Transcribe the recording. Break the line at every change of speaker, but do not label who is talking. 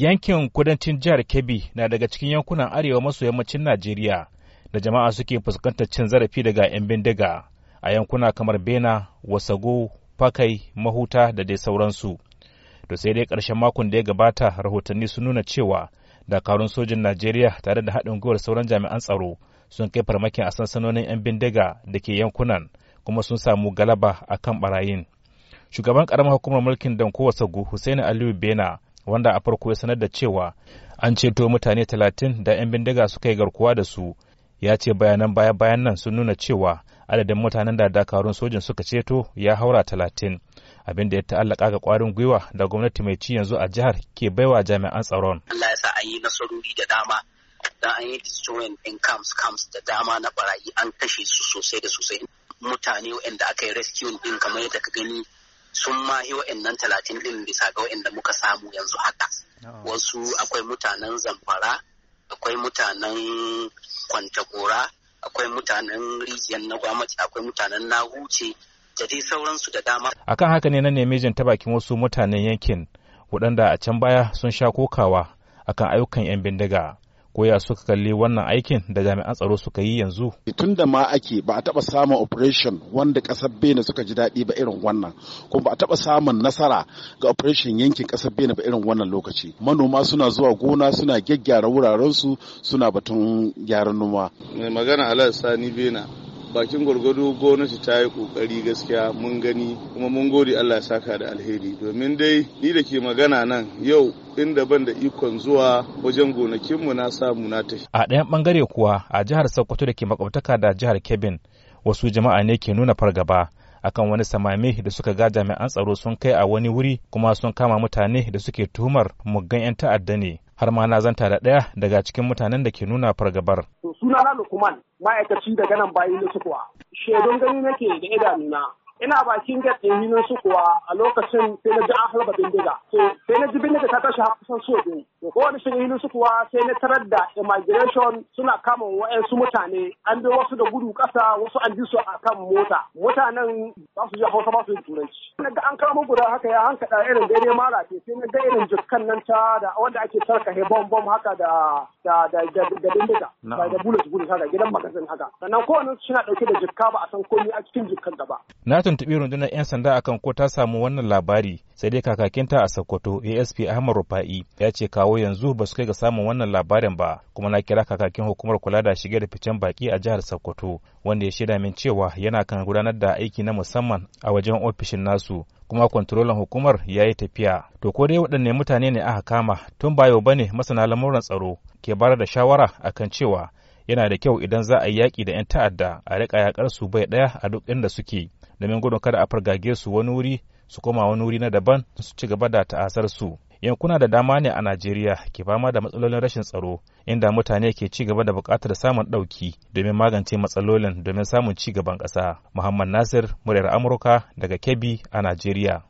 yankin kudancin jihar kebbi na daga cikin yankunan arewa maso yammacin najeriya da jama'a suke fuskantar cin zarafi daga 'yan bindiga a yankuna kamar bena wasago fakai mahuta da dai sauransu to sai dai karshen makon da ya gabata rahotanni sun nuna cewa dakarun sojin najeriya tare da haɗin gwiwar sauran jami'an tsaro sun kai farmakin a sansanonin 'yan bindiga da ke yankunan kuma sun samu galaba a kan barayin shugaban karamar hukumar mulkin danko wasago husaini aliyu bena wanda a farko ya sanar da cewa an ceto mutane talatin da 'yan bindiga suka yi garkuwa da su ya ce bayanan baya-bayan nan sun nuna cewa adadin mutanen da dakarun sojin suka ceto ya haura talatin abin da ya ta'allaka ga kwarin gwiwa da gwamnati mai ci yanzu a jihar ke baiwa jami'an tsaron
Allah ya sa an yi nasarori da dama da an yi destroying in camps camps da dama na barayi an kashe su sosai da sosai mutane waɗanda aka yi rescue din kamar yadda ka gani sun mahi wa'annan talatin din bisa ga wa'anda muka samu yanzu haka wasu akwai mutanen zamfara akwai mutanen kwantakora akwai mutanen rijiyar na gwamnati akwai mutanen na huce da dai sauransu da dama
akan haka ne na nemejin ta bakin wasu mutanen yankin waɗanda a can baya sun sha kokawa akan ayyukan 'yan bindiga ko ya suka kalli wannan aikin da jami'an tsaro suka yi yanzu tun da ma ake ba a taba samun operation wanda kasar Bene suka ji daɗi ba irin wannan kuma ba a taba samun nasara ga operation yankin kasar Bene ba irin wannan lokaci manoma suna zuwa gona suna gyaggyara wuraren su suna batun gyaran noma mai magana Alhaji Sani Bena bakin gwargwado gwamnati ta yi kokari gaskiya mun gani kuma mun gode Allah ya saka da alheri domin dai ni da ke magana nan yau inda ban da ikon zuwa wajen gonakinmu na samu na tafi. A ɗayan ɓangare kuwa a jihar Sokoto da ke makwabtaka da jihar Kebbi wasu jama'a ne ke nuna fargaba akan wani samame da suka ga jami'an tsaro sun kai a wani wuri kuma sun kama mutane da suke tuhumar muggan 'yan ta'adda ne har ma na zanta da ɗaya daga cikin mutanen da ke nuna fargabar.
Sunana Lukman ma'aikaci daga nan bayan sukuwa. Shedon gani nake da idanuna ina bakin gate din hinin su kuwa a lokacin sai na ji an halba bindiga to sai na ji bindiga ta tashi har kusan so biyu to ko shirin hinin su kuwa sai na tarar da immigration suna kama wa'ansu mutane an bi wasu da gudu ƙasa, wasu an ji su a kan mota mutanen ba su ji hausa ba su yi turanci na ga an kama guda haka ya hanka irin daidai mara ke sai na ga irin jikkan nan ta da wanda ake tarkahe bom bom haka da da da da bindiga ba da bullet bullet haka gidan magasin haka sannan kowanne suna dauke da jikka ba a san komai a cikin jikkan gaba
tuntuɓi rundunar 'yan sanda akan ko ta samu wannan labari sai dai kakakinta a sokoto asp ahmad rufa'i ya ce kawo yanzu ba su kai ga samun wannan labarin ba kuma na kira kakakin hukumar kula da shige da ficen baki a jihar sokoto wanda ya shaida min cewa yana kan gudanar da aiki na musamman a wajen ofishin nasu kuma kwantarolan hukumar ya yi tafiya to ko dai waɗanne mutane ne aka kama tun ba yau bane masana lamuran tsaro ke bara da shawara a kan cewa yana da kyau idan za a yi yaƙi da 'yan ta'adda a riƙa yaƙar su bai ɗaya a duk inda suke domin gudun kada a fargage su wani wuri su koma wani wuri na daban su ci gaba da ta'asar su yankuna da dama ne a najeriya ke fama da matsalolin rashin tsaro inda mutane ke ci gaba da bukatar samun ɗauki domin magance matsalolin domin samun ci gaban ƙasa muhammad nasir muryar amurka daga kebbi a najeriya